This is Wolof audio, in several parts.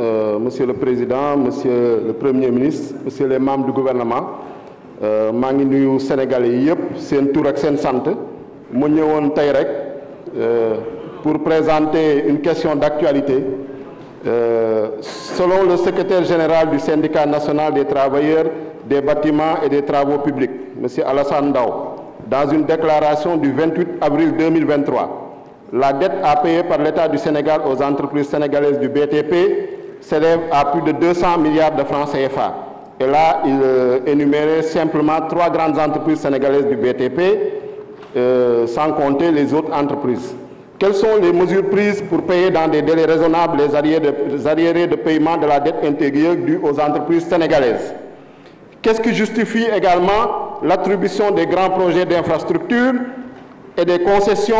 Euh, monsieur le président monsieur le premier ministre monsieur les membres du gouvernement euh, maa ngi nuyu sénégalais yi yëpp seen tour ak seen sant mu ñëwoon tey rek euh, pour présenter une question d'actualité euh, selon le secrétaire général du syndicat national des travailleurs des bâtiments et des travaux publics monsieur Alassane Ndao dans une déclaration du 28 avril 2023, la dette à payer par l'État du Sénégal aux entreprises sénégalaises du BTP s'élève à plus de 200 milliards de francs CFA. Et là, il euh, énumérait simplement trois grandes entreprises sénégalaises du BTP, euh, sans compter les autres entreprises. Quelles sont les mesures prises pour payer dans des délais raisonnables les arriérés de, les arriérés de paiement la dette intérieure due aux entreprises sénégalaises quest l'attribution des grands projets d'infrastructures et des concessions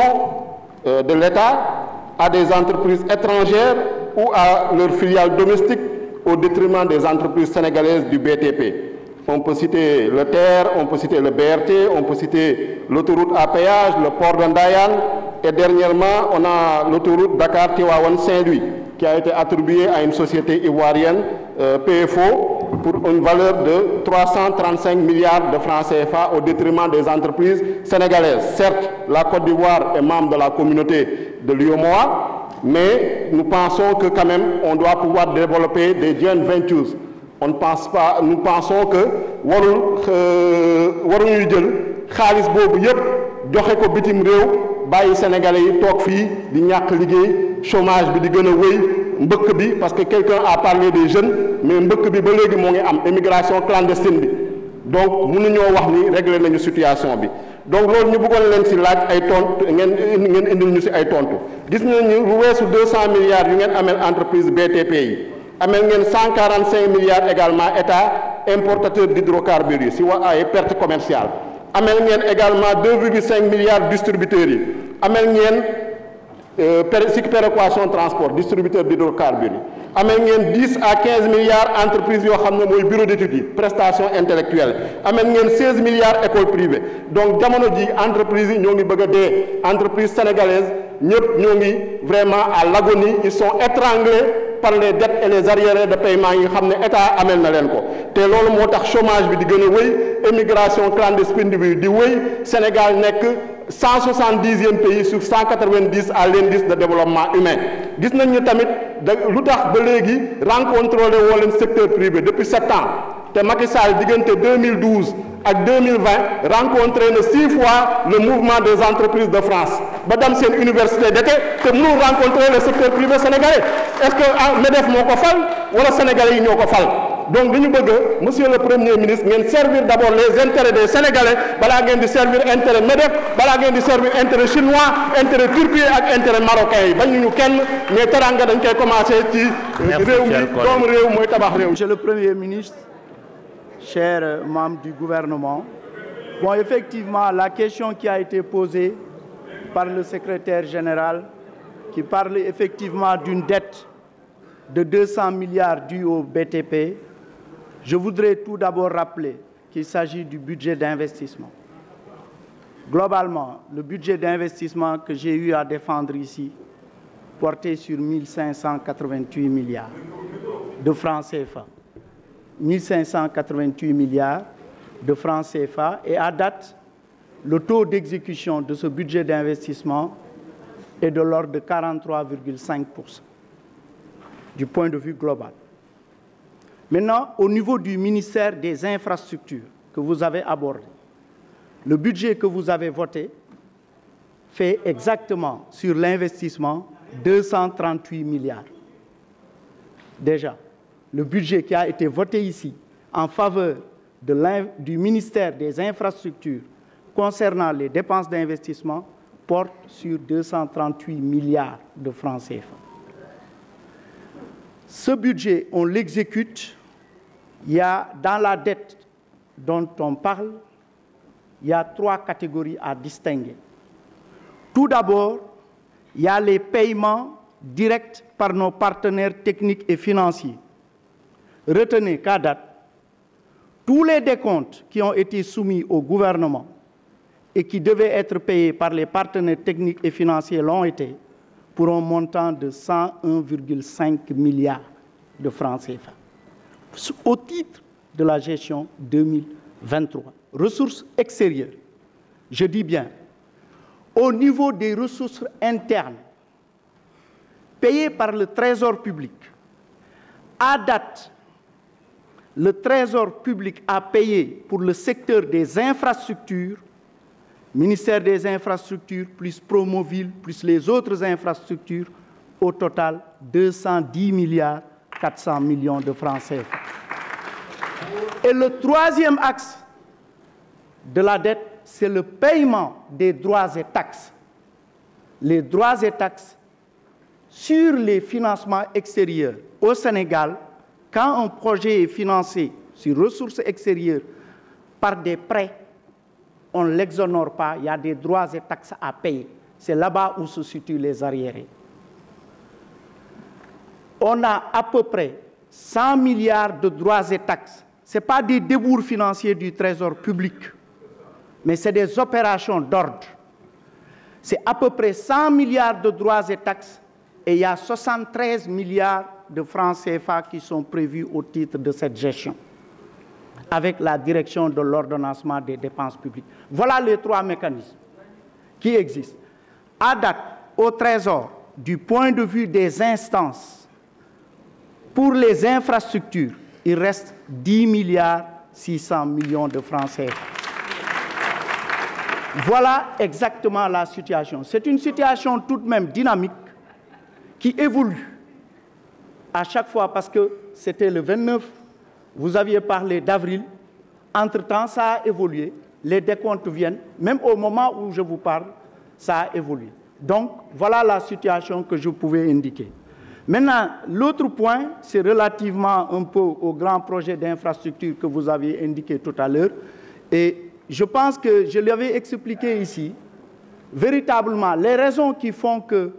euh, de l'État à des entreprises étrangères ou à leurs filiales domestiques au détriment des entreprises sénégalaises du BTP. on peut citer le TER, on peut le à péage, le port de Ndayan, et dernièrement, on a l'autoroute Dakar-Tiwawan-Saint-Louis, qui a été attribuée euh, de 335 milliards de francs des entreprises sénégalaises. Certes, la Côte d'Ivoire est membre de la communauté de l'UOMOA, mais nous pensons que on pense pas nous pensons que warul euh, waruñuy jël xaalis boobu yépp joxe ko bitim réew bàyyi sénégalais yi toog fii di ñàkk liggéey chômage bi di gën a wéy mbëkk bi parce que quelqu'un a parlé des jeunes mais mbëkk bi ba léegi moo ngi am émigration clandestine bi donc mënuñoo wax ni réglé nañu situation bi donc loolu ñu bëggoon leen ci laaj ay tontu ngeen ngeen indil ñu ci ay tontu gis nañu lu weesu deux cent milliards yu ngeen amel entreprise BTP yi. amel ngeen cent quarante cinq milliards également état importateur d'hydrocarbures yi si wa ay perte commerciale amel ngeen également deux virgule cinq milliards distributeurs yi amel ngeen per si péréquation transport distributeur d'hydrocarbures yi amee ngeen dix à quinze milliards entreprise yoo xam ne mooy bureau d'études yi prestation intellectuelle amee ngeen seize milliards école privée donc jamono ji entreprise yi ñoo ngi bëgg a dee entreprise sénégalaise ñëpp ñoo ngi vraiment à l'agonie ils sont étranglés par les dettes et les arriérés de paiement yi nga xam ne état ameel na leen ko te loolu moo tax chômage bi di gën a wéy émigration clandestine bi di wéy Sénégal nekk 170e pays sur 190 à l'indice de développement humain gis nañ ñu tamit da lu tax ba léegi rencontré woo leen secteur privé depuis sept ans te Macky Sall diggante 2012 ak 2020 rencontré na six fois le mouvement des entreprises de France ba dem seen université d'été te mënul rencontré le secteur privé sénégalais est-ce que ah, MEDEF moo ko fal wala sénégalais yi ñoo ko fal. donc li ñu bëgg monsieur le premier ministre ngeen servir d' les intérêts des sénégalais balaa ngeen di servir intérêt MEDEF balaa ngeen di servir intérêt chinois intérêt turquie ak intérêt marocain yi bañ ñu kenn mais teranga dañ koy commencé ci réew réew mooy tabax réew monsieur le premier ministre chers euh, membres du gouvernement bon effectivement la question qui a été posée par le secrétaire général qui parle effectivement d'une dette de 200 milliards due au BTP Je voudrais tout d'abord rappeler qu'il s'agit du budget d'investissement. Globalement, le budget d'investissement que j'ai eu à défendre ici portait sur 1588 milliards de francs CFA. 1588 milliards de francs CFA et à date, le taux d'exécution de ce budget d'investissement est de l'ordre de 43,5% du point de vue Maintenant, au niveau du ministère des infrastructures que vous avez abordé, le budget que vous avez voté fait exactement sur l'investissement 238 milliards. Déjà, le budget qui a voté ici en faveur de du ministère des infrastructures concernant les dépenses d'investissement porte sur 238 milliards de francs CFA. Ce budget, on l'exécute Il dans la dette dont on parle, il y a trois catégories à distinguer. Tout d'abord, il y a les paiements directs par nos partenaires techniques et financiers. Retenez qu'à date, tous les décomptes qui ont été soumis au gouvernement et qui devaient être payés par les partenaires techniques et financiers l'ont été pour un montant de 101,5 milliards de francs CFA. au titre de la gestion 2023. Ressources extérieures, je dis bien, au niveau des ressources internes payées par le Trésor public, à date, le Trésor public a payé pour le secteur des infrastructures, ministère des infrastructures, plus Promoville, plus les autres infrastructures, au total 210 milliards 400 millions de francs CFA. Et le troisième axe de la dette, c'est le paiement des droits et taxes. Les droits et taxes sur les financements extérieurs au Sénégal, quand un projet est financé sur ressources extérieures par des prêts, on ne l'exonore pas, il y a des droits et taxes à payer. C'est là-bas où se situent les arriérés. on a à peu près 100 milliards de droits et taxes. Ce pas des débours financiers du trésor public, mais c'est des opérations d'ordre. C'est à peu près 100 milliards de droits et taxes et il y a 73 milliards de francs CFA qui sont au titre de cette gestion avec la direction de l'ordonnancement des dépenses publiques. Voilà les trois mécanismes qui existent. au Trésor, du point de vue des instances Pour les infrastructures, il reste 10 milliards 600 millions de francs Voilà exactement la situation. C'est une situation tout même dynamique qui évolue à chaque fois parce que c'était le 29, vous aviez parlé d'avril, entre-temps ça a les décomptes même au moment où je vous ça a Donc voilà la situation que je Maintenant, l'autre point, c'est relativement un peu au grand projet d'infrastructure que vous aviez indiqué tout à l'heure. Et je pense que je l'avais expliqué ici, véritablement, les raisons qui font qu'il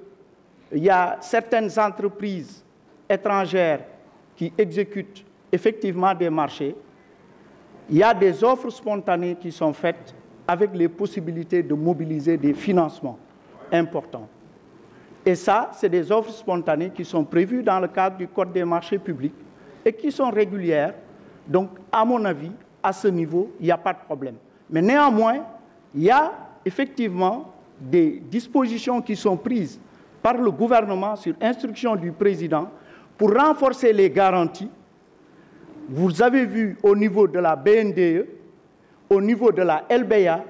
y a certaines entreprises étrangères qui exécutent effectivement des marchés, il y a des offres spontanées qui sont faites avec les possibilités de mobiliser des financements importants. Et ça, c'est des offres spontanées qui sont prévues dans le cadre du Code des marchés publics et qui sont régulières. Donc, à mon avis, à ce niveau, il n'y a pas de problème. Mais néanmoins, il y a effectivement des dispositions qui sont prises par le gouvernement sur instruction du président pour renforcer les garanties. Vous avez vu au niveau de la BNDE, au niveau de la LBA,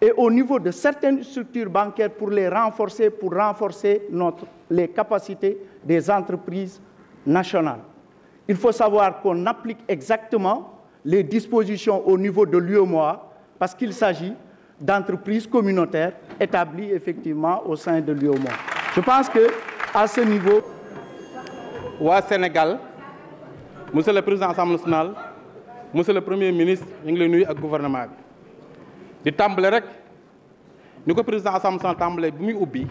et au niveau de certaines structures bancaires pour les renforcer, pour renforcer notre, les capacités des entreprises nationales. Il faut savoir qu'on applique exactement les dispositions au niveau de l'UEMOA parce qu'il s'agit d'entreprises communautaires établies effectivement au sein de l'UEMOA. Je pense que à ce niveau... waa Sénégal monsieur le président de l'Assemblée nationale premier ministre ñu ngi lay nuyu ak gouvernement bi di tàmbale rek ni ko président assemblée nationale tàmbale bi muy ubbi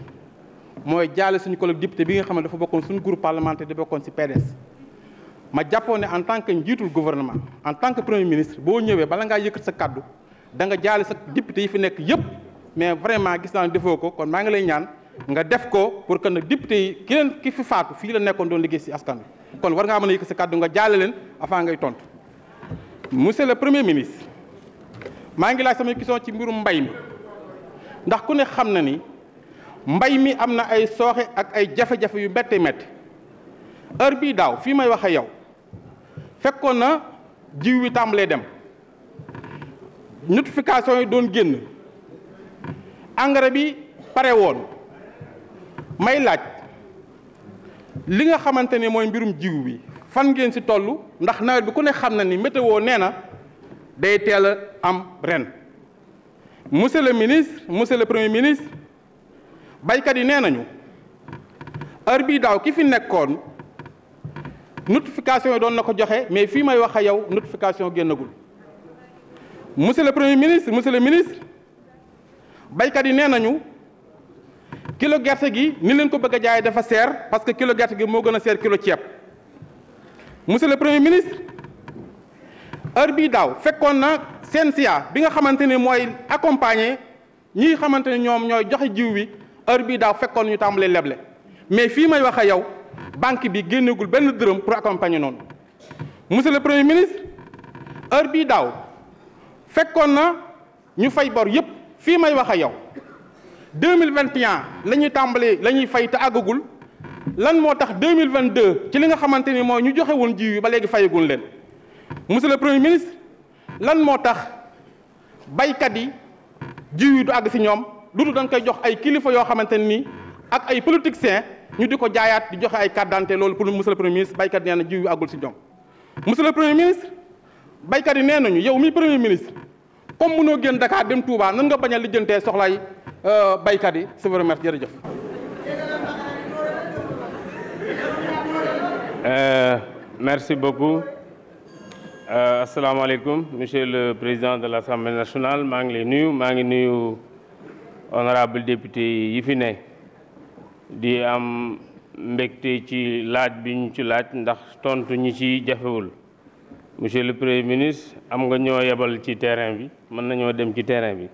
mooy jaale suñu collègue député bi nga xam ne dafa bokkoon suñu groupe parlementaire di bokkoon ci PDS ma jàppoon ne en tant que njiitul gouvernement en tant que premier ministre boo ñëwee bala ngaa yëkkat sa kàddu danga nga jaale sa député yi fi nekk yëpp mais vraiment gis naa ne defoo ko kon maa ngi lay ñaan nga def ko pour que nag député yi ki leen ki fi faatu fii la nekkoon doon liggéey ci askan wi kon war ngaa mën a yëkkat sa kàddu nga jaale leen avant ngay tontu monsieur le premier ministre maa ngi laaj sama question ci mbirum mbay mi ndax ku ne xam na ni mbay mi am na ay sooxe ak ay jafe-jafe yu métti metti heure bii daaw fii may waxe yow fekkoon na jiw wi tàmbalee dem notification yi doon génn engrais bi pare woon may laaj li nga xamante ne mooy mbirum jiw bi fan ngeen si toll ndax nawet bi ku ne xam na ni météo nee na. day teel a am ren monsieur le ministre monsieur le premier ministre baykat yi nee nañu heure bii daaw ki fi nekkoon notification yi doon na ko joxe mais fii may wax a yow notification génnagul monsieur le premier ministre monsieur le ministre baykat yi nee nañu kilo gerte gi ni leen ko bëgg a jaay dafa seer parce que kilo gerte gi moo gën a seer kilo ceeb monsieur le premier ministre heure bii daaw fekkoon na CNCA bi nga xamante ne mooy accompagner ñi xamante ne ñoom ñooy joxe jiw bi heure bii daaw fekkoon ñu tàmbalee leble mais fii may wax a yow banque bi génneegul benn dërëm pour accompagner noonu monsieur le premier ministre heure bii daaw fekkoon na ñu fay bor yépp fii may wax a yow deux mille vingt et la ñuy tàmbalee la ñuy fay te àggagul lan moo tax deux mille vingt deux ci li nga xamante ni mooy ñu joxe woon jiw yi ba léegi fayagul leen. monsieur le premier ministre lan moo tax baykat yi jiw yi du àgg si ñoom du dañ koy jox ay kilifa yoo xamante nii ak ay politiciens ñu di ko jaayaat di joxe ay carte d'identité loolu pour monsieur le premier ministre baykat nee na jiw yu si ñoom monsieur le premier ministre baykat yi nee nañu yow mi premier ministre comme mënoo génn Dakar dem Touba nan nga bañ a lijjantee soxlaay euh, baykat yi je vous remercie euh, merci beaucoup Euh, asalaamaaleykum monsieur le président de l'Assemblée nationale maa ngi lay nuyu maa ngi nuyu honorable député yi fi ne di am mbégte ci laaj bi ñu ci laaj ndax tontu ñi ci jafewul monsieur le premier ministre am nga ñoo yebal ci terrain bi mën nañoo dem ci terrain bi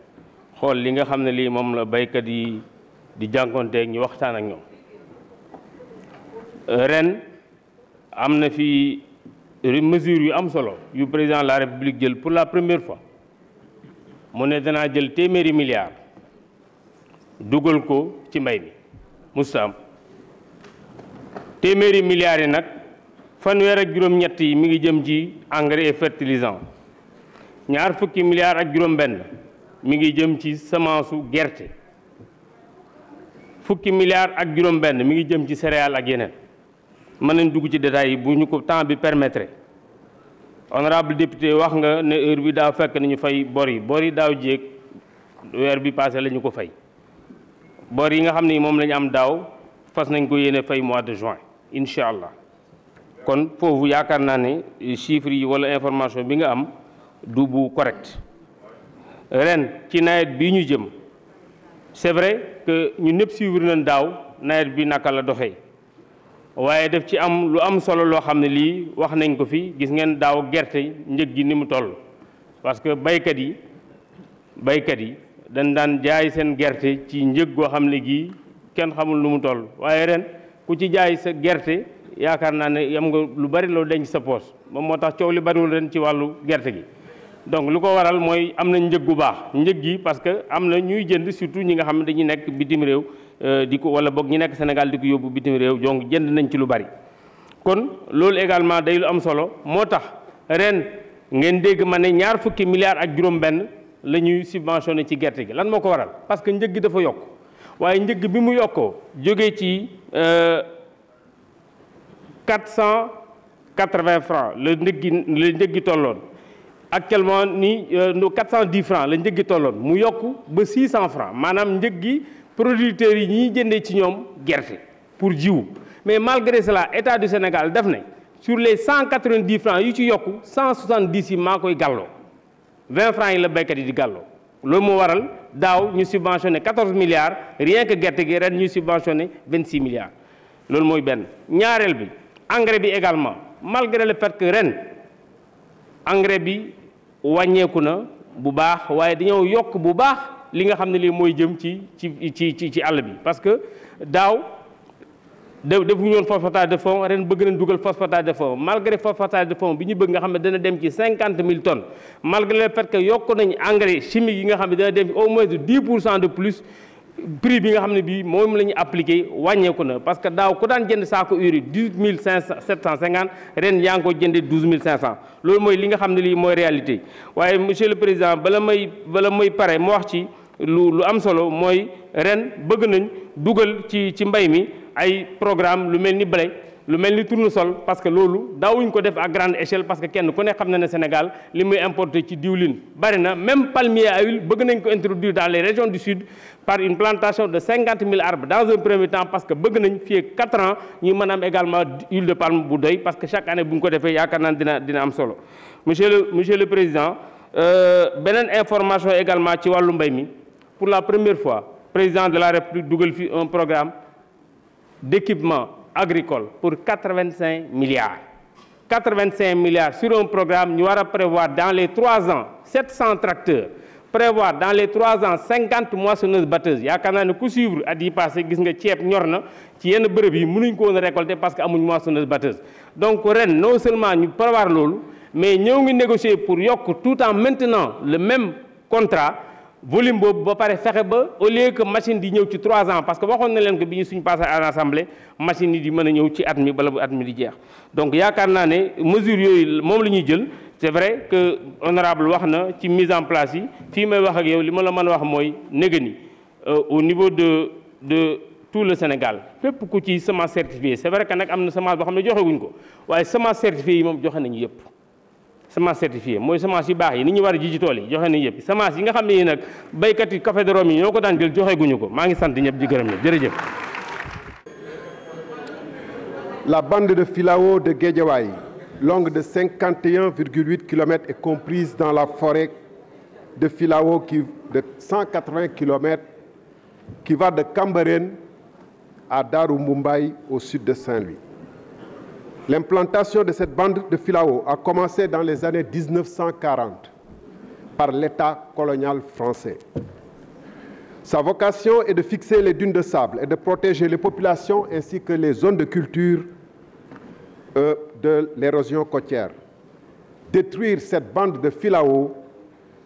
xool li nga xam ne lii moom la baykat yi di jànkoonteeg ñu waxtaan ak ñoom euh, ren am na fi mesures yu am solo yu président la république jël pour la première fois mu ne danaa jël téeméeri milliards dugal ko ci mbay bi musta am téeméeri milliards yi nag fanweer ak juróom-ñett yi mi ngi jëm ci engrais et fertilisant ñaar fukki milliards ak juróom-benn mi ngi jëm ci semence gerte fukki milliards ak juróom-benn mi ngi jëm ci céréales ak yeneen. mën nañ dugg ci détails yi bu ñu ko temps bi permettre honorable député wax nga ne heure bi daaw fekk nañu fay bor yi bor yi daaw jéeg weer bi passé la ko fay bor yi nga xam ne moom lañu am daaw fas nañ ko yéene fay mois de juin incha allah kon foofu yaakaar naa ne chiffres yi wala information bi nga am du bu correct ren ci nawet bi ñu jëm c'est vrai que ñu ñëpp suivre nañ daaw nawet bi naka la doxee waaye def ci am lu am solo loo xam ne lii wax nañ ko fi gis ngeen daaw gerte njëg gi ni mu toll parce que baykat yi baykat yi dañ daan jaay seen gerte ci njëg goo xam ne gii kenn xamul lu mu toll waaye ren ku ci jaay sa gerte yaakaar naa ne yam nga lu bari loo denc sa poos moom moo tax coow li bariwul ren ci wàllu gerte gi donc lu ko waral mooy am na njëg gu baax njëg gi parce que am na ñuy jënd surtout ñi nga xam ne dañuy nekk bitim réew Euh, di ko wala boog ñu nekk Sénégal di ko yóbbu bitim réew donc jënd nañ ci lu bari. kon loolu également day lu am solo moo tax ren ngeen dégg ma ne ñaar fukki milliards ak juróom-benn la ñuy ne ci gerte gi lan moo ko waral parce que njëg dafa yokk waaye njëg bi mu yokkoo jóge ci 480 euh, francs la njëg gi la njëg gi tolloon actuellement ni 410 euh, francs la njëg tolloon mu yokk ba 600 francs maanaam njëg gi. producteurs yi ñiy jëndee ci ñoom gerte pour jiwu mais malgré cela état du Sénégal def nañ sur les cent quatre vingt dix francs yu ci yokk cent soixante dix yi maa koy gàlloo vingt francs yi la baykat yi di gàlloo loolu moo waral daaw ñu subventionné quatorze milliards rien que gerte gi ren ñu subventionné vingt six milliards loolu mooy benn ñaareel bi engrais bi également malgré la fait que ren engrais bi wàññeeku na bu baax waaye dañoo yokk bu baax li nga xam ne lii mooy jëm ci ci ci ci àll bi parce que daaw de defuñu woon phosphatage de fond ren bëgg nañ dugal phosphatage de fond malgré phosphatage de fond bi ñu bëgg nga xam ne dana dem ci cinquante mille ton malgré le que yokk nañ engrais chimique yi nga xam ne dana dem ci au moins de dix pour cent de plus prix bi nga xam ne bii moom la ñu wàññeeku na parce que daaw ko daan jënd saako urée dix huit cinq cent sept cent cinquante ren yaa ngi ko jëndee douze mille cinq cent loolu mooy li nga xam ne lii mooy réalité lu lu am solo mooy ren bëgg nañu dugal ci ci mbay mi ay programme lu mel ni blé lu mel ni tournesol parce que loolu daawuñ ko def à grande échelle parce que kenn ku ne xam na ne Sénégal li muy importé ci diwlin bari na même palmier à huile bëgg nañ ko introduire dans les régions du sud par une plantation de cinquante mille dans un premier temps parce que bëgg nañ fii ak quatre ans ñu mën am également huile de palme bu doy parce que chaque année bu ñu ko defee yaakaar naa dina dina am solo monsieur le monsieur le euh, beneen information également ci wàllu mbay mi. pour la première fois président de la République dugal fi un programme d'équipement agricole pour quatre-vingt-cinq milliards quatre-vingt-cinq milliards sur un programme ñu war a prévoir dans les trois ans sept cent tracteurs prévoir dans les trois ans cinquante moissonneuses batteuses yaakaar naa ne ku suivre at yi passé gis nga ceeb ñor na ci yenn bërëb yi mënuñ ko woon récolter parce que amuñ moissonneuse batteuse donc ren non seulement ñu prévoir loolu mais ñëw ngi négocier pour yokk tout en maintenant volume boobu ba pare fexe ba au lieu que machine di ñëw ci trois ans parce que waxoon na leen ko bi ñu suñ passé à l'assemblée machine yi di mën a ñëw ci at mi bala bu at mi di jeex donc yaakaar naa ne mesure yooyu moom la ñuy jël c'est vrai que honorable wax na ci mise en place yi fii may wax ak yow li ma la mën a wax mooy négani euh, au niveau de de tout le Sénégal fépp ku ci semence certifier c'est vrai que nag am na semence boo xam ne joxeguñ ko waaye semence certifiée yi moom joxe nañu yëpp semence certifiée mooy semence yi baax yi ni ñu war a ji tool yi joxe nañu yëpp semence yi nga xam ne yii nag béykat yi café de Rome yi ñoo ko daan jël joxe guñu ko maa ngi sant ñëpp di gërëm ñëpp jërëjëf. La bande de filao de Guédiawaye, longue de 51,8 km est comprise dans la forêt de filao qui de 180 km qui va de Cambérène à Darou Moumbay au sud de Saint-Louis. L'implantation de cette bande de Filao a commencé dans les années 1940 par l'État colonial français. Sa vocation est de fixer les dunes de sable et de protéger les populations ainsi que les zones de culture euh, de l'érosion côtière. Détruire cette bande de Filao,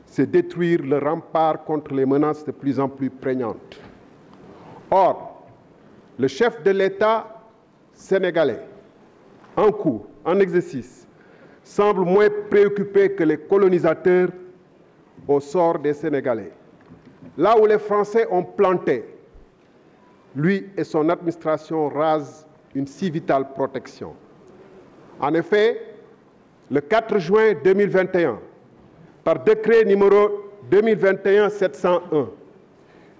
c'est détruire le rempart contre les menaces de plus en plus prégnantes. Or, le chef de l'État sénégalais en cours, en exercice, semble moins préoccupé que les colonisateurs au sort des Sénégalais. Là Français ont planté, lui et son administration rasent une si vitale protection. En effet, le 4 juin 2021, par décret numéro 2021-701,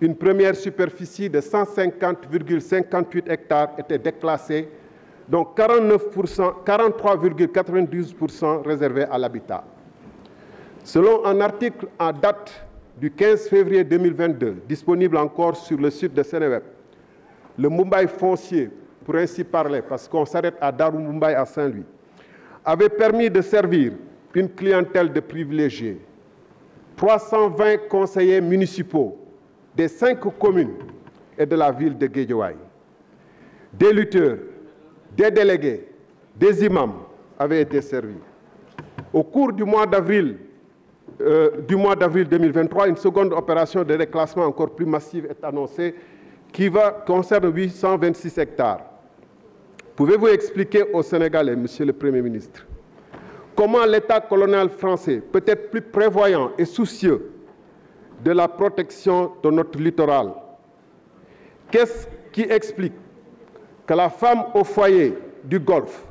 une première superficie de 150,58 hectares était déclassée donc 49 pour cent 43,92 pour cent réservés à l'habitat selon un article en date du 15 février 2022 disponible encore sur le site de Seneweb le Mumbai foncier pour ainsi parce qu'on s'arrête à Darou Mumbai à Saint-Louis avait permis de servir une clientèle de privilégiés 320 conseillers municipaux des cinq communes et de la ville de Guédiawaye des lutteurs des délégués, des imams avaient été servis. Au cours du mois d'avril euh, du mois d'avril 2023, une seconde opération de reclassement encore plus massive est annoncée qui va concerne 826 hectares. Pouvez-vous expliquer aux Sénégalais, Monsieur le Premier ministre, comment l'État français peut être plus prévoyant et soucieux de la protection de notre littoral? quest que la femme au foyer du Golfe,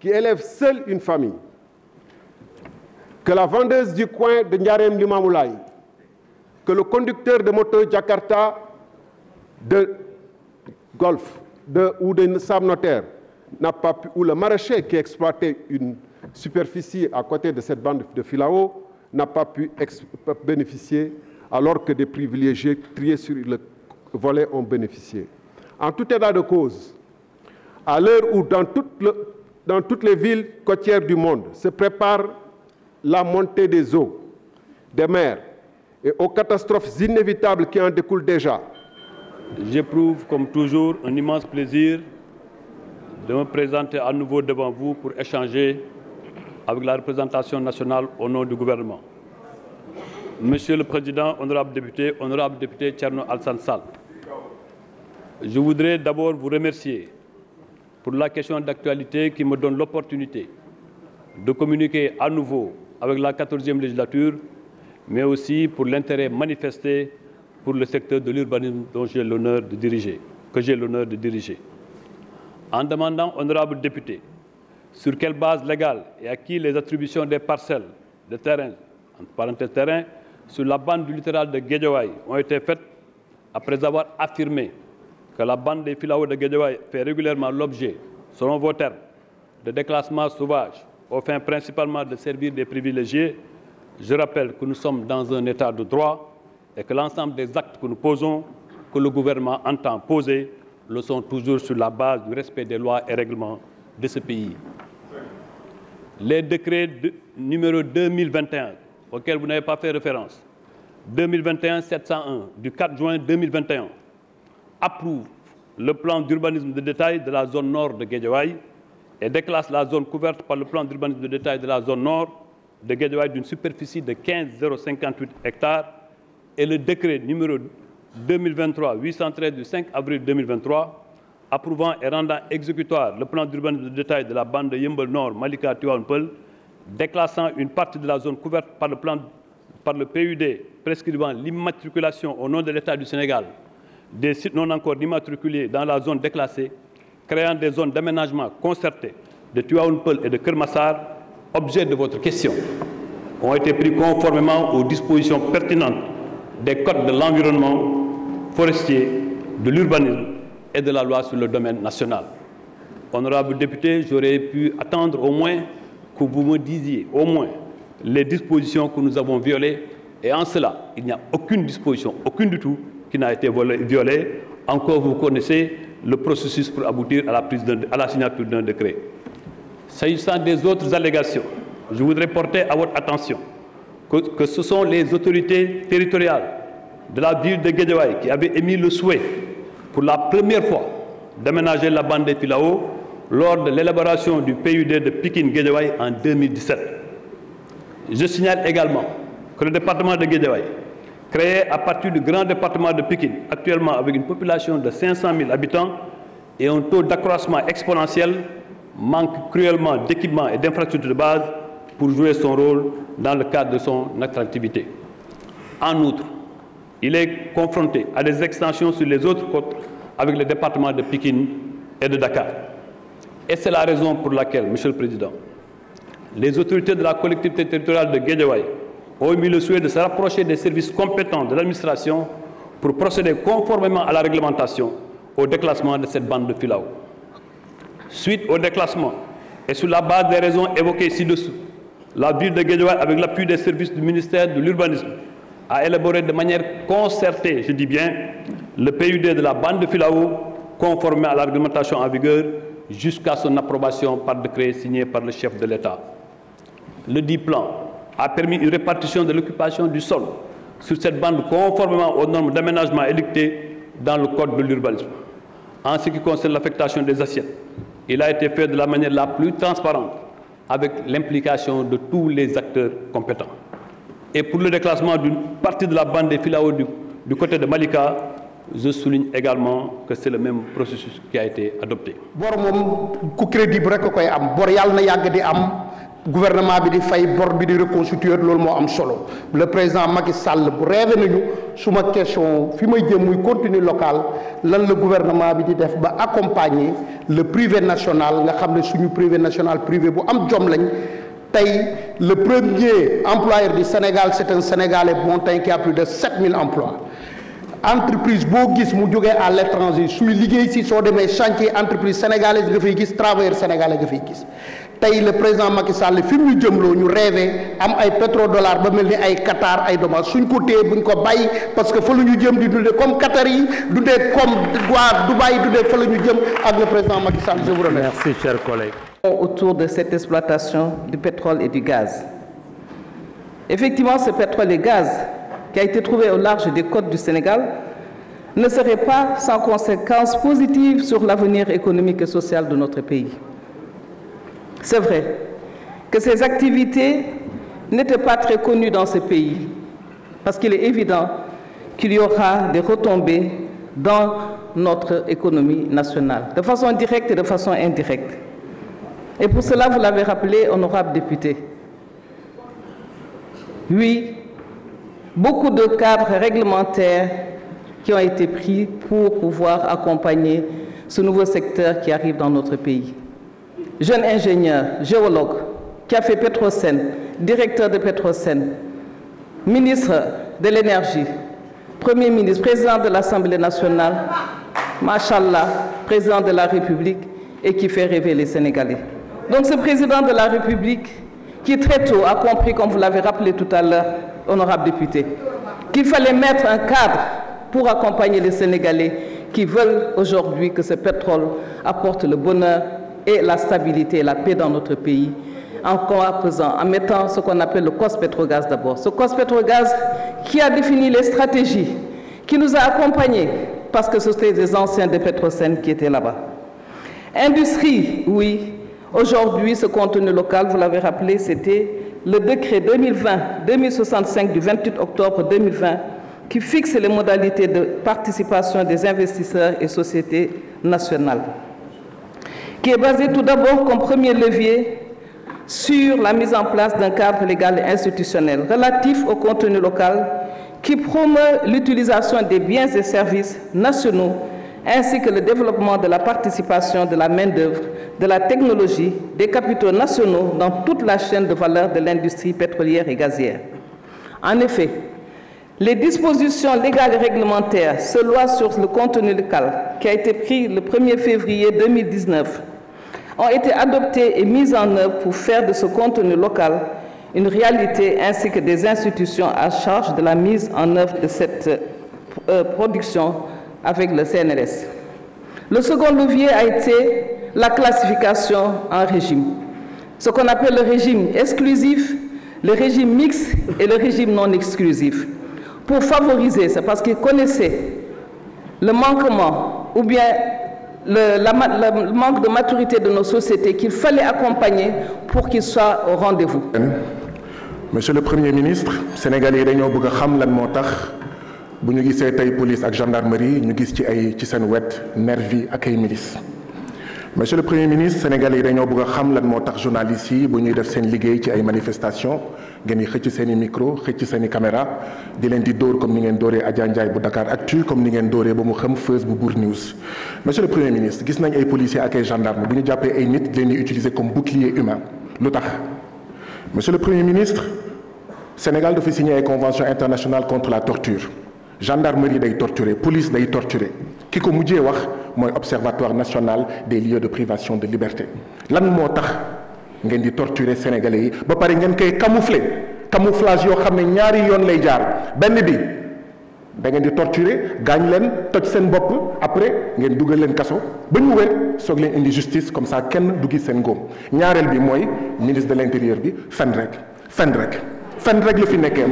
qui élève seule une famille, que la vendeuse du coin de Ndiarem Limamoulaye, que le conducteur de moto Jakarta de Golfe ou de Sam Notaire n'a pas pu, ou le maraîcher qui exploitait une superficie à côté de cette bande de filao n'a pas pu bénéficier alors que des privilégiés triés sur le volet ont bénéficié. En tout état de cause, À l'heure où dans, toute le, dans toutes les villes côtières du monde se prépare la montée des eaux, des mers et aux catastrophes inévitables qui en découlent déjà. J'éprouve comme toujours un immense plaisir de me présenter à nouveau devant vous pour échanger avec la représentation nationale au nom du gouvernement. Monsieur le Président, honorable député, honorable député Tcherno Al-Sansal, je voudrais d'abord vous remercier pour la question d'actualité qui me donne l'opportunité de communiquer à nouveau avec la 14e législature, mais aussi pour l'intérêt manifesté pour le secteur de l'urbanisme dont j'ai l'honneur de diriger, que j'ai l'honneur de diriger. En demandant, honorables député sur quelle base légale et à qui les attributions des parcelles de terrain, entre terrain, sur la bande du littoral de Guédiawaye ont été faites après avoir affirmé que la bande des Filao de Guédiawaye fait régulièrement l'objet, selon vos termes, de déclassements sauvages aux fins principalement de servir des privilégiés, je rappelle que nous sommes dans un état de droit et que l'ensemble des actes que nous posons, que le gouvernement entend poser, le sont toujours sur la base du respect des lois et règlements de ce pays. Les décrets de, numéro 2021, auxquels vous n'avez pas fait référence, 2021-701 du 4 juin 2021, approuve le plan d'urbanisme de détail de la zone nord de Guédiawaye et déclasse la zone couverte par le plan d'urbanisme de détail de la zone nord de Guédiawaye d'une superficie de 15058 hectares et le décret numéro 2023-813 du 5 avril 2023 approuvant et rendant exécutoire le plan d'urbanisme de détail de la bande de Yeumbeul Nord Malika Tivaouane Peulh déclassant une partie la zone couverte par le plan par le PUD des sites non encore immatriculés dans la zone déclassée, créant des zones d'aménagement concertées de Tuaounpel et de Kermassar, objet de votre question, ont été pris conformément aux dispositions pertinentes des codes de l'environnement forestier, de l'urbanisme et de la loi sur le domaine national. Honorable député, j'aurais pu attendre au moins que vous me disiez au moins les dispositions que nous avons violées et en cela, il n'y a aucune disposition, qui n'a été le processus pour aboutir à la, prise à la signature d'un décret. S'agissant des autres allégations, je voudrais attention que, que ce les autorités territoriales de la de Guédiawaye qui pour la première fois d'aménager la bande des Filao lors de l'élaboration du PUD de Pikine en 2017. Je signale également que le de Guédiawaye créé à partir du grand département de Pékin, actuellement avec une population de 500 000 habitants et un taux d'accroissement exponentiel, manque cruellement d'équipements et d'infrastructures de base pour jouer son rôle dans le cadre de son attractivité. En outre, il est confronté à des extensions sur les autres côtes avec les départements de Pékin et de Dakar. Et c'est la raison pour laquelle, Monsieur le Président, les autorités de la collectivité territoriale de Guédiawaye ont émis le souhait de se rapprocher des services compétents de l'administration pour procéder conformément à la réglementation au déclassement de cette bande de filao. Suite au déclassement et sur la base des raisons évoquées ci-dessous, la ville de Guédiawaye, avec l'appui des services du ministère de l'Urbanisme, a élaboré de manière concertée, je dis bien, le PUD de la bande de filao conforme à la réglementation en vigueur jusqu'à son approbation par décret signé par chef de l'État. Le dit plan a permis une répartition de l'occupation du sol sur cette bande conformément aux normes d'aménagement édictées dans le Code de l'urbanisme. En ce qui concerne l'affectation des assiettes, il a été fait de la manière la plus transparente avec l'implication de tous les acteurs compétents. Et pour le déclassement d'une partie de la bande des Filao du, du côté de Malika, je souligne également que c'est le même processus qui a été adopté. bor moom ku crédit bi rek koy am bor yàlla yàgg di am. gouvernement bi di fay bor bi di reconstituer loolu moo am solo le président Macky Sall bu rêvé nañu suma question fi may jëm muy continuer local lan la gouvernement bi di def ba accompagner le privé national nga xam ne suñu privé national privé bu am jom lañ tey le premier employeur du Sénégal c'est un Sénégalais montain qui a plus de mille emplois entreprise boo gis mu jógee à l'étranger suy liggéey si soo demee chantier entreprise sénégalaise nga fay gis travailleur sénégalais nga fay gis tey le président Macky Sall fi mu jëm loo ñu rêvé am ay pétrodollar ba mel ni ay Qatar ay dommage suñ ko téye buñ ko bàyyi parce que fa la ñu jëm di dundee comme Qatar yi dundee comme waa Dubaï dundee fa la ñu jëm ak le président Macky Sall je vous remercie. chers collègues. autour de cette exploitation du pétrole et du gaz effectivement ce pétrole et gaz qui a été trouvé au large des côtes du Sénégal ne serait pas sans conséquences positives sur l'avenir économique et social de notre pays. C'est vrai que ces activités n'étaient pas très connues dans ce pays, parce qu'il est évident qu'il y aura des retombées dans notre économie nationale, de façon directe et de façon indirecte. Et pour cela, vous l'avez rappelé, honorable député, oui, beaucoup de cadres réglementaires qui ont été pris pour pouvoir accompagner ce nouveau secteur qui arrive dans notre pays. jeune ingénieur, géologue, qui a fait Petrosen, directeur de Petrosen, ministre de l'énergie, premier ministre, président de l'Assemblée nationale, Machallah, président de la République et qui fait rêver les Sénégalais. Donc ce président de la République qui très tôt a compris, comme vous l'avez rappelé tout à l'heure, honorable député, qu'il fallait mettre un cadre pour accompagner les Sénégalais qui veulent aujourd'hui que ce pétrole apporte le bonheur et la stabilité et la paix dans notre pays encore à présent en mettant ce qu'on le COS-Pétrogaz d'abord. Ce COS-Pétrogaz qui a défini les stratégies, qui nous a accompagnés, parce que ce c'était des anciens de Petrosen qui étaient là-bas. Industrie, oui. Aujourd'hui, ce contenu local, vous l'avez rappelé, c'était le décret 2020-2065 du 28 octobre 2020 qui fixe les modalités de participation des investisseurs et sociétés nationales. qui est basé tout d'abord comme premier levier sur la mise en place d'un cadre légal et institutionnel local qui promeut l'utilisation des biens et services nationaux ainsi que le développement de la participation de la main-d'œuvre, de la technologie, des capitaux nationaux dans toute la chaîne de valeur de l'industrie pétrolière et gazière. En effet, les dispositions légales et réglementaires se loient sur le contenu local qui a été pris le ont été adoptées et mises en œuvre pour faire de ce contenu local une réalité ainsi que des institutions à charge de la mise en œuvre de cette euh, production avec le CNRS. Le second levier a été la classification en régime. Ce qu'on appelle le régime exclusif, le régime mixte et le régime non exclusif. Pour favoriser, c'est parce qu'ils connaissaient le manquement ou bien le, la, la, le manque de maturité de nos sociétés qu'il fallait accompagner pour qu'il soit au rendez-vous. monsieur le premier ministre Sénégalais yi dañoo bëgg a xam lan moo tax bu ñu gisee tey police ak gendarmerie ñu gis ci ay ci seen wet nervi ak ay milices. monsieur le premier ministre Sénégal yi dañoo bëgg a xam lan moo tax journalistes yi bu ñuy def seen liggéey ci ay manifestations ngeen di xëcc seen i micro xëcc seen i caméra di leen di dóor comme ni ngeen dóoree Adja Ndiaye bu Dakar Actu comme ni ngeen dóoree ba mu xam feuse bu Bour News. monsieur le premier ministre gis nañ ay policiers ak ay gendarmes bu ñu jàppee ay nit leen di utiliser comme bouclier humain lu tax monsieur le premier ministre Sénégal dafa signé ay convention internationale la torture. gendarmerie day torturé police day torturé ki ko mujjee wax mooy observatoire national des de privation de liberté lan moo tax ngeen di torturer sénégalais yi ba pare ngeen koy camoufler camouflage yoo xam ne ñaari yoon lay jaar benn bi da ngeen di torturer gaañ leen toj seen bopp après ngeen duggal leen kaso ba ñu wér soog leen indi justice comme ça kenn du gis seen góom ñaareel bi mooy ministre de l'intérieur bi fen rek fen rek fen rek la fi nekkee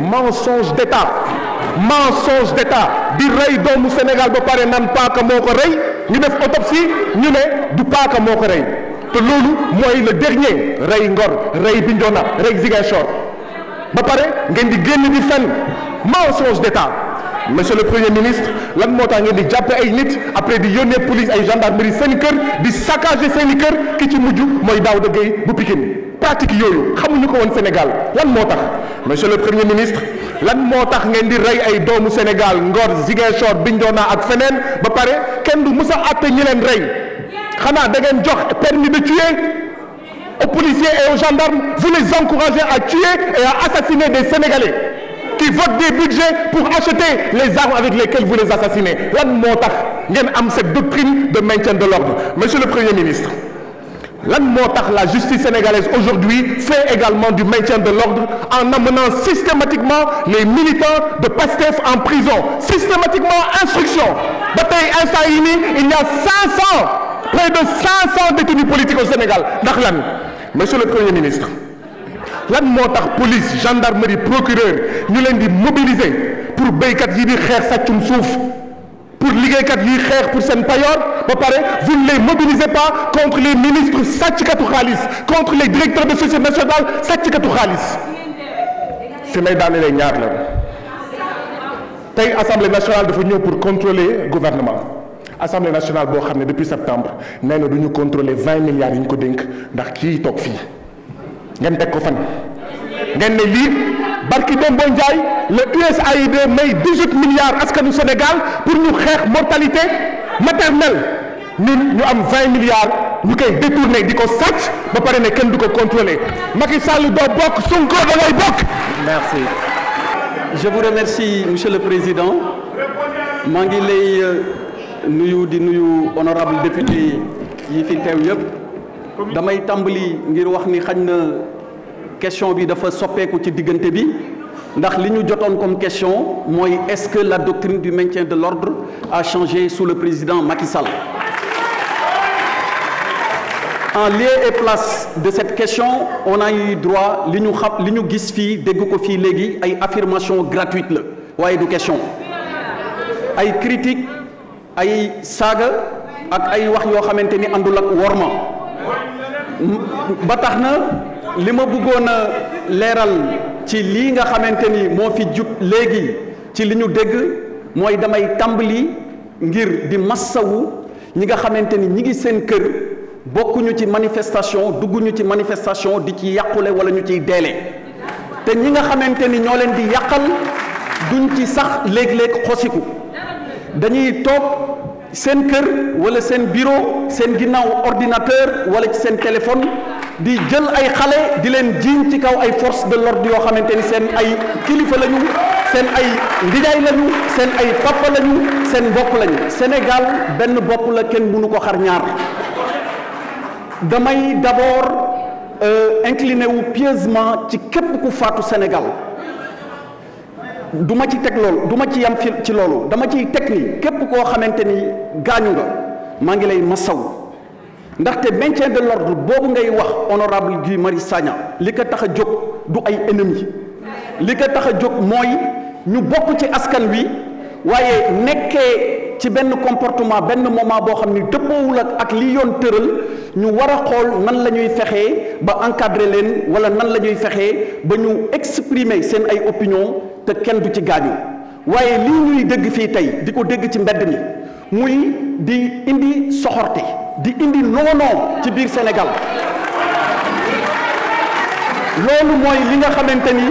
mensonge d'État di rey doomu Sénégal ba pare nan paaka moo ko rey ñu def autopsie ñu ne du paaka moo ko rey te loolu mooy le dernier rey Ngor rey Bignona rey Ziguinchor ba pare ngeen di génn di fen mensonge d'État monsieur le premier ministre lan moo tax ngeen di jàpp ay nit après di yónnee police ay gendarmerie seen kër di saccager seen i kër ki ci mujj mooy daaw Gueye bu Pikine pratique yooyu xamuñu ko woon Sénégal lan moo tax monsieur le premier lan moo tax ngeen di rey ay doomu Sénégal Ngor Ziguinchor Bignona ak feneen ba pare kenn du musa àtte ñi leen rey xanaa da ngeen jox permis de tuer aux policiers et aux gendarmes vous les encouragez à tuer et à assassiner des Sénégalais qui votent des budgets pour acheter les armes avec lesquelles vous les assassinez lan moo tax ngeen am cette doctrine de maintien de l'ordre monsieur le premier ministre lan moo tax la justice sénégalaise aujourd'hui fait également du maintien de l'ordre en amenant systématiquement les militants de PASTEF en prison systématiquement instruction ba tey instant yii nii il y a 500 près de 500 détenus politiques au Sénégal ndax lan monsieur le premier ministre lan moo tax police gendarmerie procureur ñu leen di mobiliser pour béykat yi di xeex sàccum suuf. pour liggéeykat yuy xeex pour seen payoor ba pare vous ne les mobilisez pas contre les ministres katu xaalis contre les directeurs de société nationale sàcckatu xaalis fi may daanelee ñaar la tey assemblée nationale dafa ñëw pour contrôler gouvernement assemblée nationale boo xam ne depuis septembre nee na du ñu contrôler vingt milliards yi ñu ko dénk ndax kii toog fii ngeen teg ko fan ngeen ne lii barki Dembo Ndiaye le USAID may 18 milliards askanu Sénégal pour ñu xeex mortalité maternelle ñun ñu am 20 milliards ñu koy détourné di ko sàcc ba pare ne kenn du ko contrôlé Macky Sall doo bokk Sonko da ngay bokk. je vous remercie monsieur le président maa ngi lay euh, nuyu di nuyu honorable député yi fi teew yëpp damay tàmbali ngir wax ni xañ na. question bi dafa soppeeku ci diggante bi ndax li ñu jotoon comme question mooy est-ce que la doctrine du maintien de l'ordre a changé sous le président Macky Sall en lieu et place de cette question on a eu droit li ñu xap li ñu gis fii dégg ko fii léegi ay affirmation gratuite la waaye du question ay critique ay saaga ak ay wax yoo xamante ni àndul ak worma ba tax na li ma bëggoon a leeral ci lii nga xamante ni moo fi jut léegi ci li ñu dégg mooy damay tàmbali ngir di massawu ñi nga xamante ni ñi ngi seen kër bokkuñu ci manifestation dugguñu ci manifestation di ci yàqule wala ñu ciy deele te ñi nga xamante ni ñoo leen di yàqal duñ ci sax léeg-léeg xosiku dañuy toog seen kër wala seen bureau seen ginnaaw ordinateur wala ci seen téléphone di jël ay xale di leen jiiñ ci kaw ay force de l'ordre yoo xamante ni seen ay kilifa lañu seen ay ndijaay lañu seen ay papa lañu seen bopp lañu Sénégal benn bopp la kenn mënu ko xar ñaar damay d'abord euh, incliné wu pieusement ci képp ku faatu Sénégal du ma ci teg loolu du ci yam fi ci loolu dama ci teg ni képp koo xamante ni gaañu nga maa ngi lay masaw ndaxte maintien de l'ordre boobu ngay wax honorable Guy Marius Sagna li ko tax a jóg du ay ennemis li ko tax a jóg mooy ñu bokk ci askan wi waaye nekkee ci benn comportement benn moment boo xam ni dëppoowul ak li yoon tëral ñu war a xool nan la ñuy fexee ba encadrer leen wala nan la ñuy fexee ba ñu exprimer seen ay opinion te kenn du ci gaañu waaye lii ñuy dégg fii tey di ko dégg ci mbedd mi muy di indi soxorte di indi noonoo ci biir Sénégal loolu mooy li nga xamante ni.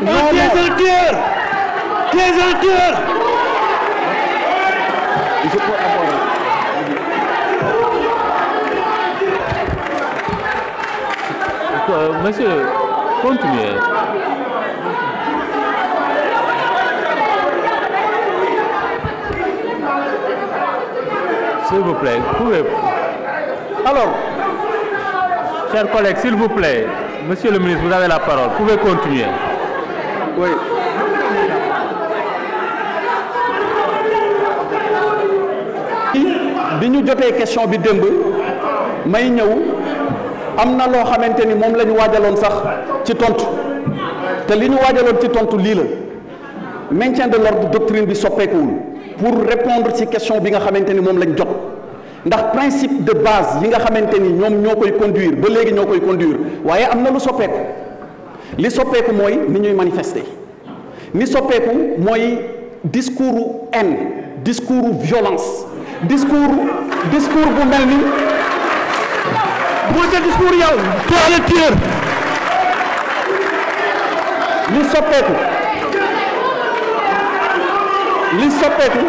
noonoo euh, monsieur continuez S'il vous plaît, pouvez Alors, chers collègues, le ministre, vous la parole. Vous pouvez bi ñu jotee question bi démb may ñëw am na loo xamante ni moom la ñu waajaloon sax ci tontu te li ñu waajaloon ci tontu lii la maintien de l'ordre doctrine bi soppeekuwul pour répondre ci question bi nga xamante ni moom lañ jot ndax principe de base yi nga xamante ni ñoom ñoo koy conduire ba léegi ñoo koy conduire waaye am na lu soppeeku li soppeeku mooy ni ñuy manifester ni soppeeku mooy discours haine discours violence discours discours bu mel ni bu sa discours yow tu es le soppeeku li soppeeku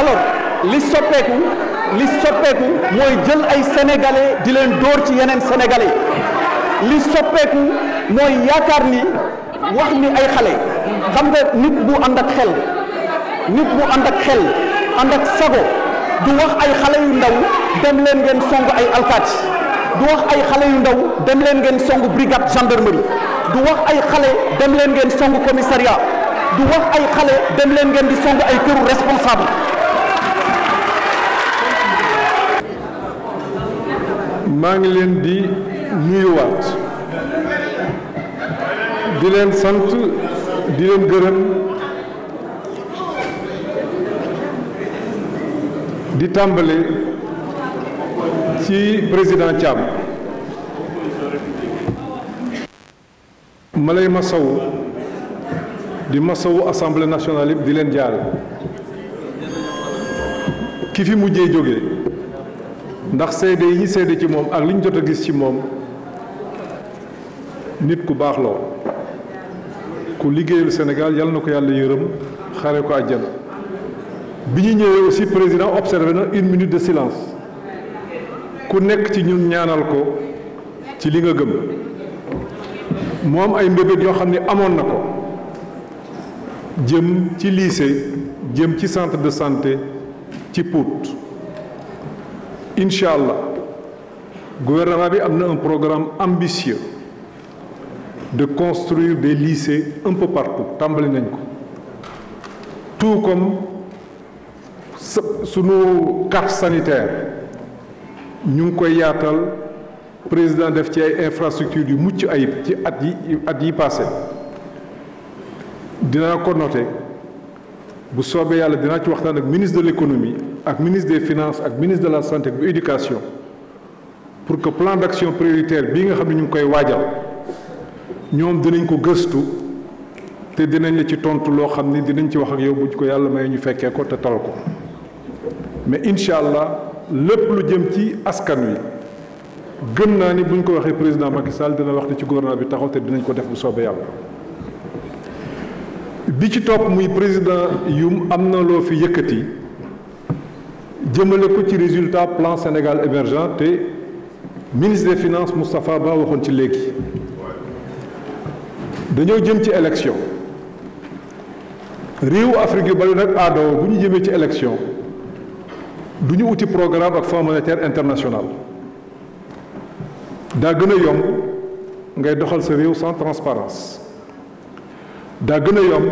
alors li soppeeku li soppeeku mooy jël ay sénégalais di leen dóor ci yeneen sénégalais li soppeeku mooy yaakaar ni wax ni ay xale xam nga nit bu ànd ak xel nit bu ànd ak xel ànd ak sago du wax ay xale yu ndaw dem leen ngeen song ay alkaati du wax ay xale yu ndaw dem leen ngeen song brigade gendarmerie. du wax ay xale dem leen ngeen songu commissariat du wax ay xale dem leen ngeen di songu ay këru responsable maa ngi leen di nuyuwaat di leen sant di leen gërëm di tàmbale ci président Thiam ma lay masawu di masawu assemblée nationale yëpp di leen jaal ki fi mujjee jóge ndax seede yi ñu seede ci moom ak li ñu jot a gis ci moom nit ku baax la ku liggéeyal Sénégal yal na ko yàlla yërëm xare ko àjjana bi ñu ñëwee aussi président observé na une minute de silence ku nekk ci ñu ñaanal ko ci li nga gëm moom ay mbébét yoo xam ne amoon na ko jëm ci lycée jëm ci centre de santé ci Pout incha allah gouvernement bi am na un programme ambitieux de construire des lycées un peu partout tàmbali nañ ko tout comme sunu carte sanitaire ñu ngi koy yaatal. président def ci ay infrastructure yu mucc ayib ci at yi at yi passé dinaa ko noté bu soobee yàlla dinaa ci waxtaan ak ministre de l'économie ak ministre des finances ak ministre de la santé bu éducation pour que plan d'action prioritaire bii nga xam ne ñu ngi koy waajal ñoom dinañ ko gëstu te dinañ la ci tontu loo xam ni dinañ ci wax ak yow buñ ko yàlla may ñu fekkee ko te tal mais incha allah lépp lu jëm ci askan wi. gën naa ni buñ ko waxee président Macky Sall dina wax ne ci gouvernement bi taxaw te dinañ ko def bu soobee yàlla bi ci topp muy président yum am na loo fi yëkkati jëmale ko ci résultat plan Sénégal émergent te ministre de finances Moustapha Ba waxoon ci léegi dañoo jëm ci élection réew Afrique yu bari nag aado bu ñu jëmee ci élection du ñu uti programme ak Fonds monétaire international daa gën a yomb ngay doxal sa réew sans transparence daa gën a yomb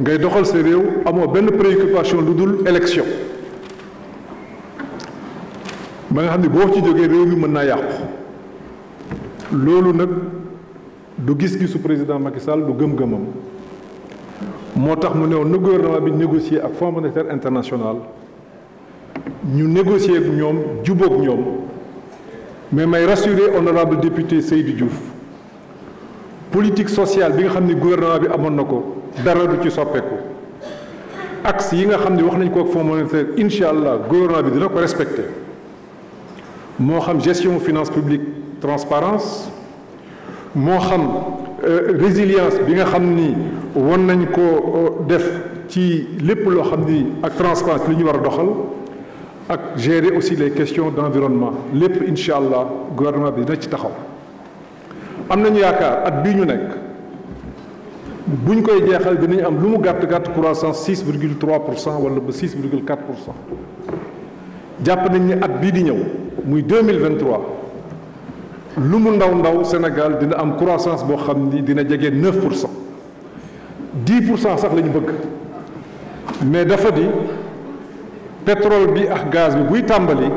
ngay doxal sa réew amoo benn préoccupation lu dul élection ba nga xam ne boo ci jógee réew mi mën naa yàqu loolu nag du gis-gisu président Macky Sall du gëm-gëmam moo tax mu ne woon na gouvernement bi négocier ak Fonds monétaire international ñu négocier ak ñoom jubook ñoom mais may rassurer honorable député Seydou Diouf politique sociale bi nga xam ni gouvernement bi amoon na ko dara du ci soppeeku axe yi nga xam ne wax nañ ko ak fonds monétaire incha allah bi dina ko respecté moo xam gestion finance publique transparence moo xam euh, résilience bi nga xam ni won nañ ko euh, def ci lépp loo xam ni ak transparence li ñu war a doxal ak gérer aussi les questions d'environnement lépp incha allah gouvernement bi dina ci taxaw am nañu yaakaar at bii ñu nekk buñ koy jeexal dinañ am lu mu gàtt gàtt croissance 6 virgule 3 pour cent wala ba 6 virgule 4 pour jàpp nañ ni at bii di ñëw muy 2023 lu mu ndaw ndaw Sénégal dina am croissance boo xam ni dina jege 9 pour cent 10 pour cent sax lañu ñu bëgg mais dafa di. pétrole bi ak gaz bi buy tàmbali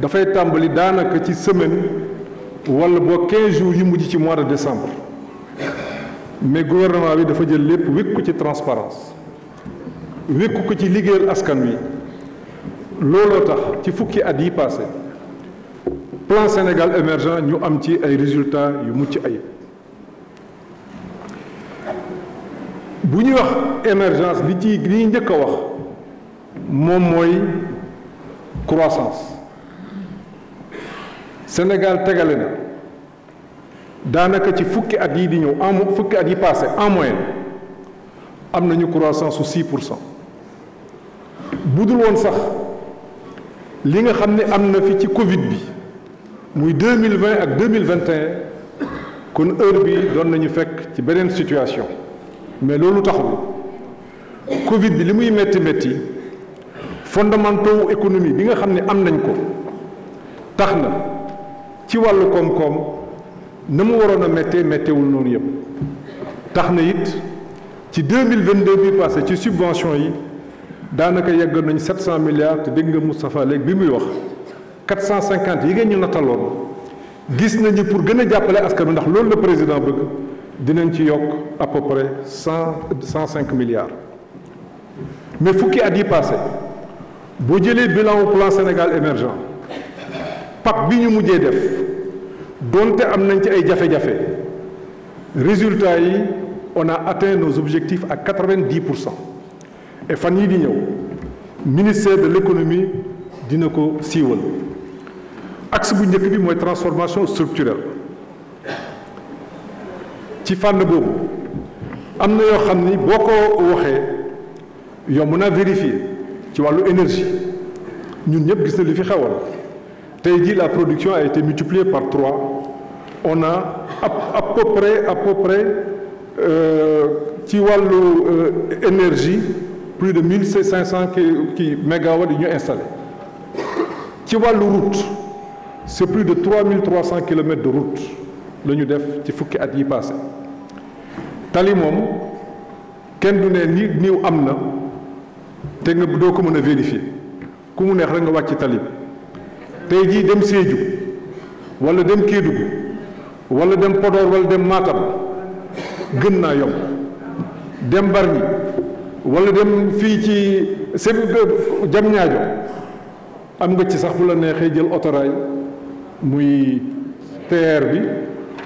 dafay tàmbali daanaka ci semaine wala boo 15 jours yu mujj ci mois de décembre mais gouvernement bi dafa jël lépp wékk ko ci transparence wékk ko ci liggéeyal askan wi looloo tax ci fukki at yi passé plan Sénégal émergent ñu am ci ay résultats yu mucc ay bu ñuy wax émergence li ci li ñuy njëkk a wax moom mooy croissance Sénégal tegale na daanaka ci fukki at yi di ñëw en fukki at yi passé en moyen am nañu croissance su 6 pour cent bu dul woon sax li nga xam ne am na fi ci Covid bi muy 2020 ak 2021 kon heure bi doon nañu fekk ci beneen situation mais loolu taxul Covid bi li muy metti métti. fondamentaux économie bi nga xam ne am nañ ko tax na ci wàll koom-koom na mu waroon a méttee méttewul noonu yëpp tax na it ci deux mille vingt deux bi passé ci subvention yi daanaka yegg nañ sept cent milliards te dégg nga Moustapha léegi bi muy wax quatre cent cinquante yi nga ñu nataloon gis nañu pour gën a jàppale askan bi ndax loolu la président bëgg dinañ ci yokk à peu près cent cent cinq milliards mais fukki at yi passé boo jëlee bilan au plan Sénégal émergent PAP bi ñu mujjee def donte am nañ ci ay jafe-jafe résultat yi on a atteint objectif ak à quatre pour cent et fan yii di ñëw ministère de l'économie dina ko siiwal axe bu njëkk bi mooy transformation structurelle ci fànn boobu am na yoo xam ni boo ko waxee yomb naa vérifier. ci wàllu énergie ñun ñëpp gis na li fi xewoon tey jii la production a été multipliée par trois on a à peu près à peu près euh, ci wàllu euh, énergie plus de mille cinq cent ki mégawatts yi ñu installé ci wàllu route c'est plus de trois mille trois cent kilomètres de route la ñu def ci fukki at yi passé tali moom kenn du ne nii niiw am na te nga doo ko mën a vérifier ku mu neex rek nga wàcc tali bi tey jii dem Sédhiou walla dem Kédougou walla dem Podor walla dem maatam gën naa yomb dem Bargny wala dem fii ci sëb Diamniadio am nga ci sax bu la neexee jël autorail muy TER bi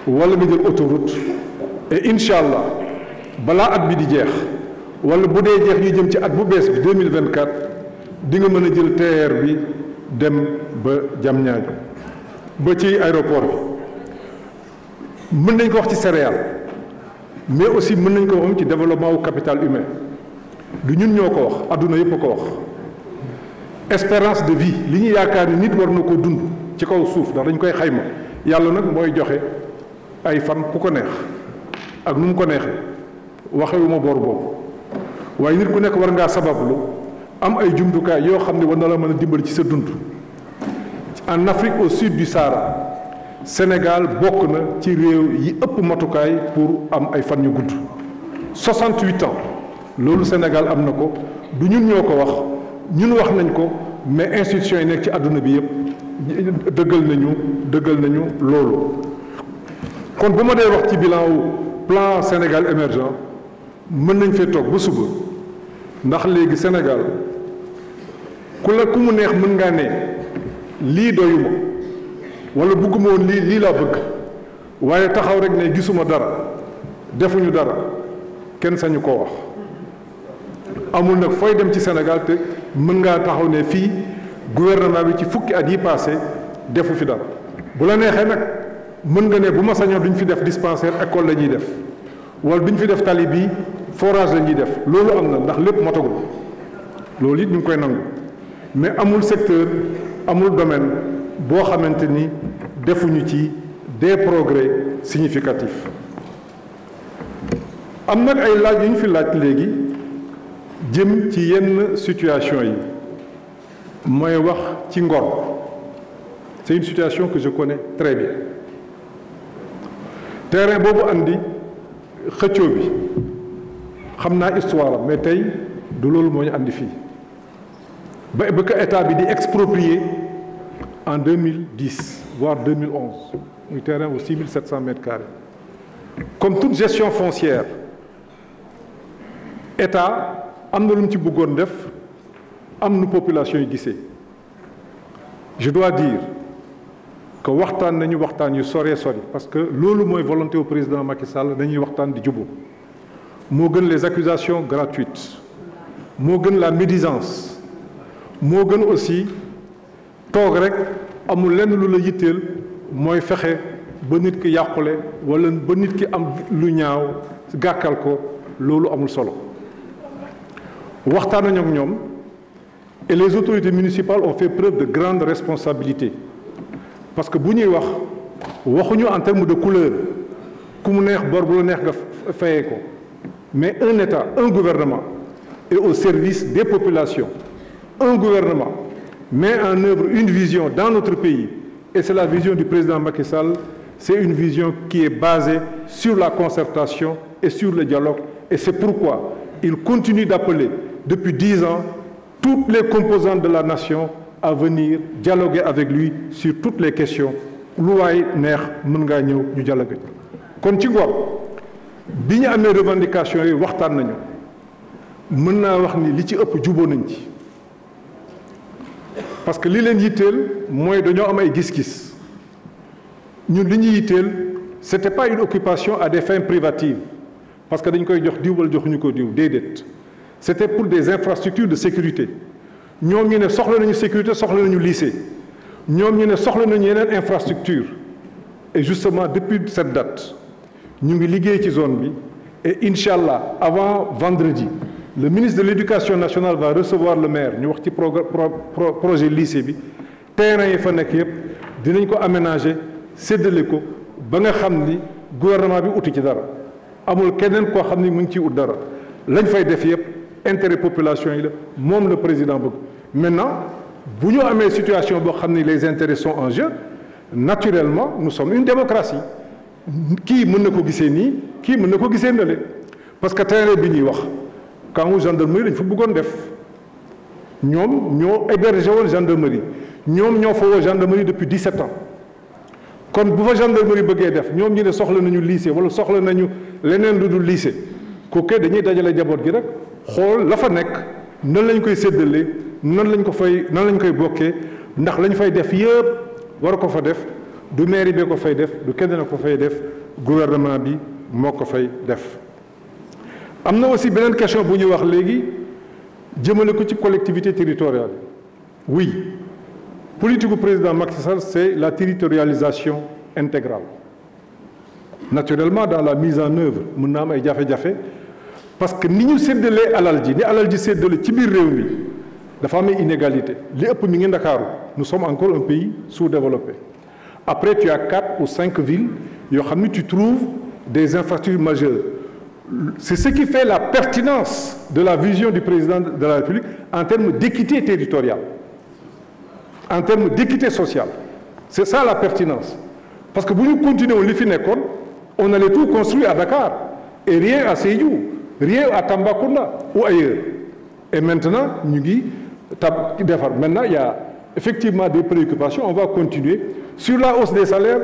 wala nga jël autoroute et incha allah balaa at bi di jeex. wala bu dee jeex ñu jëm ci at bu bees bi 2024 di nga mën a jël TER bi dem ba Diamniadio ba ci aéroport bi mën nañ ko wax ci céréales mais aussi mën nañ ko wax ci développement wu capital humain du ñun ñoo ko wax àdduna yëpp a ko wax espérance de vie li ñu yaakaar ni nit war na koo dund ci kaw suuf ndax dañ koy xayma yàlla nag mooy joxe ay fan ku ko neex ak nu mu ko neexee waxewuma boor boobu waaye nit ku nekk war ngaa sabablu am ay jumtukaay yoo xam ne war na la mën a dimbali ci sa dund en Afrique au sud du Sahara Sénégal bokk na ci réew yi ëpp matukaay pour am ay fan yu gudd 68 ans loolu Sénégal am na ko du ñun ñoo ko wax ñun wax nañ ko mais institutions yi nekk ci àdduna bi yëpp dëggal nañu dëggal nañu loolu kon bu ma dee wax ci bilan wu plan Sénégal émergent mën nañ fee toog ba suba ndax léegi Sénégal ku la ku mu neex mën ngaa ne lii doyuma wala bëgguma woon lii lii laa bëgg waaye taxaw rek ne gisuma dara defuñu dara kenn sañu ko wax amul nag fooy dem ci Sénégal te mën ngaa taxaw ne fii gouvernement bi ci fukki at yi passé defu fi dara bu la neexee nag mën nga ne bu ma sañoon duñ fi def dispensaire école la ñuy def wala duñ fi def tali bi forage la ñuy def loolu am na ndax lépp motagul loolu it ñu ngi koy nangu mais amul secteur amul domaine boo xamante ni defuñu ci des progrès significatif am nag ay laaj yu ñu fi laaj léegi jëm ci yenn situation yi mooy wax ci ngor c'est une situation que je connais très bien terrain boobu andi xëccoo bi xam naa histoire mais tey du loolu moo ñu andi fii ba ba ko état bi di exproprier en 2010 voire 2011 muy terrain wu 6700 mètres carrés comme toute gestion foncière état am na lu mu ci bëggoon def am nu population yu gisee je dois dire que waxtaan nañu waxtaan yu sore sori parce que loolu mooy volonté au président Macky Sall dañuy waxtaan di jubóo moo gën les accusations gratuites moo gën la médisance moo gën aussi toog rek amul lenn lu la yitteel mooy fexe ba nit ki yàqule walla ba nit ki am lu ñaaw gàkkal ko loolu amul solo waxtaan nañu ñoom et les autorités municipales ont fait preuve de grande responsabilité parce que bu ñuy wax waxuñu en termes de couleur ku mu neex bor neex nga fayee ko mais un État un gouvernement est au service des populations un gouvernement met en œuvre une vision dans notre pays et c'est la vision du président Macky Sall c'est une vision qui est basée sur la concertation et sur le dialogue et c'est pourquoi il continue d'appeler depuis dix ans toutes les composantes de la nation à venir dialoguer avec lui sur toutes les questions lu waay neex mën ngaa ñëw ñu dialoguer kon ci ngoon bi ñu amee revendication yi waxtaan nañu mën naa wax ni li ci ëpp juboo nañ ci parce que li leen yitteel mooy dañoo am ay gis-gis ñun li ñu yitteel c'était pas une occupation à des fins privatives parce que dañ koy jox diw wala joxuñu ko diw déedéet c'était pour des infrastructures de sécurité ñoom ñu ne soxla nañu sécurité soxla nañu lycée ñoom ñu ne soxla nañu yeneen infrastructure et justement depuis cette date ñu ngi liggéey ci zone bi et incha allah avant vendredi le ministre de l'éducation nationale va recevoir le maire ñu wax ci projet lycée bi terrain yi fa nekk yépp dinañ ko aménager séddale ko ba nga xam ni gouvernement bi uti ci dara amul keneen koo xam ni mu ngi ciy ut dara lañ fay def yépp intérêt population yi la moom le président bëgg maintenant bu ñu amee situation boo xam ne les intérêts sont en jeu naturellement nous sommes une démocratie kii mën na ko gisee nii kii mën na ko gisee nële parce que terrain bi ñuy wax camp gendarmerie lañ fa bëggoon def ñoom ñoo hébergé woon gendarmerie ñoom ñoo fa woo gendarmerie depuis 17 ans kon bu fa gendarmerie bëggee def ñoom ñu ne soxla nañu lycée wala soxla nañu leneen lu dul lycée kooku dañuy dajale jaboot gi rek xool la fa nekk nan lañ koy séddale nan lañ ko fay nan lañ koy bokkee ndax lañu fay def yëpp war ko fa def du mairie bee ko fay def du kenn na ko fay def gouvernement bi moo ko fay def. am na aussi beneen question bu ñuy wax léegi jëmale ko ci collectivité territoriale oui politique gu président Macky Sall c'est la territorialisation intégrale naturellement dans la mise en œuvre mun naa am ay jafe-jafe. parce que ni ñu séddalee alal ji ni alal ji séddale ci biir réew mi dafa am inégalité li ëpp mi ngi ndakaaru nous sommes encore un pays sous-développé après tu as quatre ou cinq villes yoo xam ne tu trouves des infrastructures majeures c'est ce qui fait la pertinence de la vision du président de la République en termes d'équité territoriale en termes d'équité sociale c'est ça la pertinence parce que bu ñu continuer li fi nekkoon on allait tout construire à Dakar et rien à Sédhiou rien à Tambacounda ou ailleurs. Et maintenant, nous Maintenant, il y a effectivement des préoccupations. On va continuer. Sur la hausse des salaires,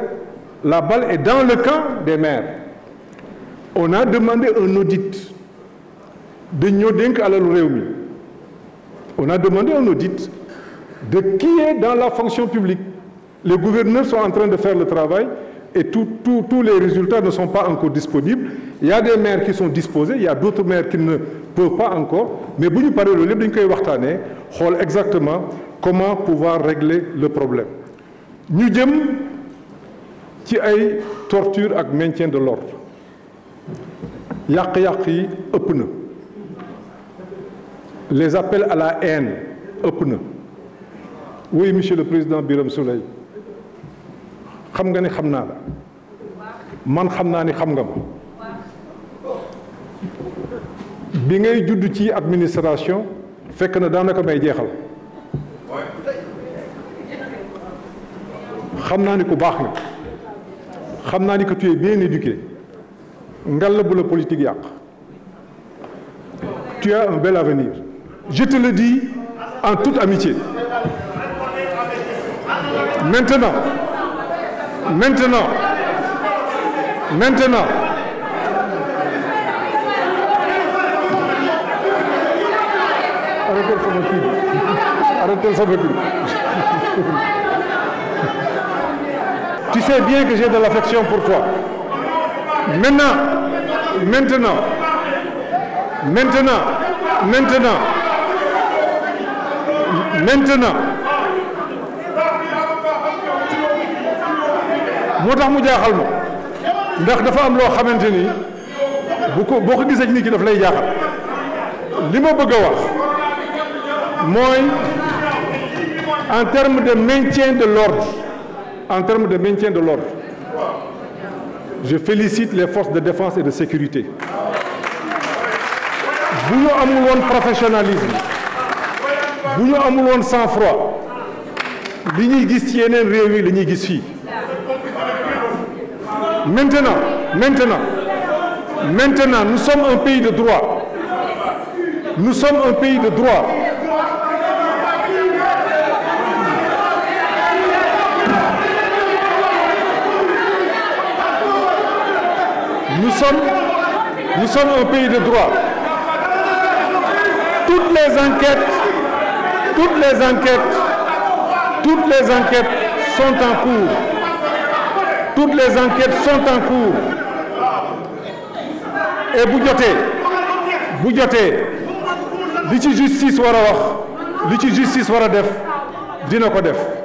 la balle est dans le camp des maires. On a demandé un audit de Nyodink à la Réumi. On a demandé un audit de qui est dans la fonction publique. Les gouverneurs sont en train de faire le travail, et tous les résultats ne sont pas encore disponibles il y a des maires qui sont disposés il y a d'autres maires qui ne peuvent pas encore mais bu ñu paree loolu lépp dañu koy waxtaanee xool exactement comment pouvoir régler le problème ñu jëm ci ay torture ak maintien de l'ordre yàq-yàq yi ëpp na les appels à la haine ëpp na oui monsieur le président Birame Souleye xam nga ni xam naa la man xam naa ni xam nga ma bi ngay judd ci administration fekk na daanaka may jeexal xam naa ni ku baax nga xam naa ni que tu es bien éduqué ngalla bu la politique yàq tu as un bel avenir je te le dis en toute amitié maintenant Maintenant, maintenant, arrêtez le sabotine. Arrêtez le sabotine. Tu sais bien que j'ai de l'affection pour toi. Maintenant, maintenant, maintenant, maintenant, maintenant. moo tax mu jaaxal ma ndax dafa am loo xamante ni bu ko boo ko gisee nit ki daf lay jaaxal li ma bëgg a wax mooy en terme de maintien de l'ordre en terme de maintien de l'ordre je félicite les forces de défense et de sécurité bu ñu amul woon professionnalisme bu ñu amul woon sang-froid li ñuy gis ci yeneen réew yi la ñuy gis fii Maintenant, maintenant, maintenant, nous sommes un pays de droit. Nous sommes un pays de droit. Nous les enquêtes, toutes les enquêtes, toutes les enquêtes sont en cours. toutes les enquêtes sont en cours et bu jotee bu jotee li ci justice war a wax li ci justice war a def dina ko def